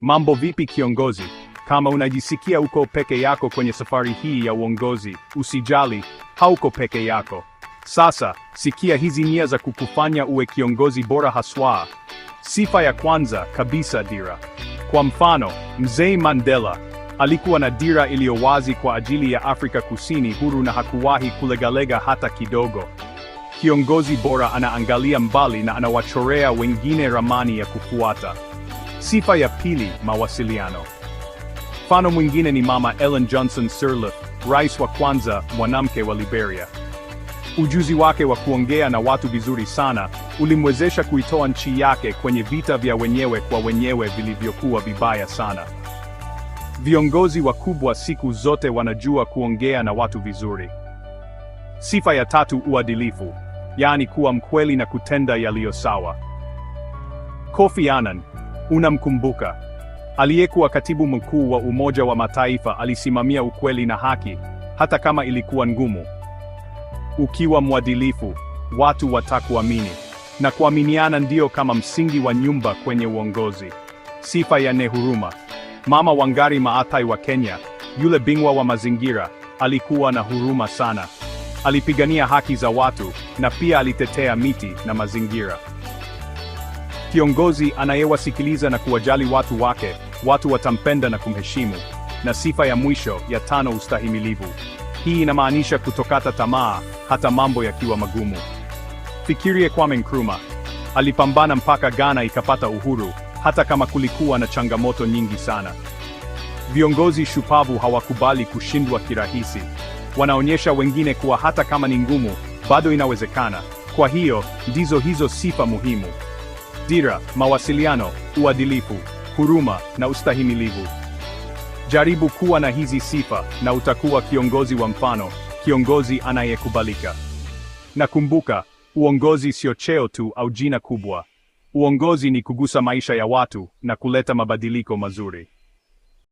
Mambo vipi kiongozi? Kama unajisikia uko peke yako kwenye safari hii ya uongozi, usijali, hauko peke yako. Sasa, sikia hizi nia za kukufanya uwe kiongozi bora haswa. Sifa ya kwanza kabisa, dira. Kwa mfano, Mzee Mandela alikuwa na dira iliyo wazi kwa ajili ya Afrika Kusini huru na hakuwahi kulegalega hata kidogo. Kiongozi bora anaangalia mbali na anawachorea wengine ramani ya kufuata. Sifa ya pili, mawasiliano. Mfano mwingine ni Mama Ellen Johnson Sirleaf, rais wa kwanza mwanamke wa Liberia. Ujuzi wake wa kuongea na watu vizuri sana ulimwezesha kuitoa nchi yake kwenye vita vya wenyewe kwa wenyewe vilivyokuwa vibaya sana. Viongozi wakubwa siku zote wanajua kuongea na watu vizuri. Sifa ya tatu, uadilifu, yaani kuwa mkweli na kutenda yaliyo sawa. Kofi Annan Unamkumbuka aliyekuwa katibu mkuu wa Umoja wa Mataifa alisimamia ukweli na haki, hata kama ilikuwa ngumu. Ukiwa mwadilifu, watu watakuamini, na kuaminiana ndio kama msingi wa nyumba kwenye uongozi. Sifa ya Nehuruma. Mama Wangari Maathai wa Kenya, yule bingwa wa mazingira, alikuwa na huruma sana. Alipigania haki za watu na pia alitetea miti na mazingira. Kiongozi anayewasikiliza na kuwajali watu wake, watu watampenda na kumheshimu. Na sifa ya mwisho ya tano, ustahimilivu. Hii inamaanisha kutokata tamaa hata mambo yakiwa magumu. Fikirie Kwame Nkrumah alipambana mpaka Ghana ikapata uhuru, hata kama kulikuwa na changamoto nyingi sana. Viongozi shupavu hawakubali kushindwa kirahisi, wanaonyesha wengine kuwa hata kama ni ngumu, bado inawezekana. Kwa hiyo ndizo hizo sifa muhimu dira, mawasiliano, uadilifu, huruma na ustahimilivu. Jaribu kuwa na hizi sifa na utakuwa kiongozi wa mfano, kiongozi anayekubalika. Na kumbuka, uongozi sio cheo tu au jina kubwa. Uongozi ni kugusa maisha ya watu na kuleta mabadiliko mazuri.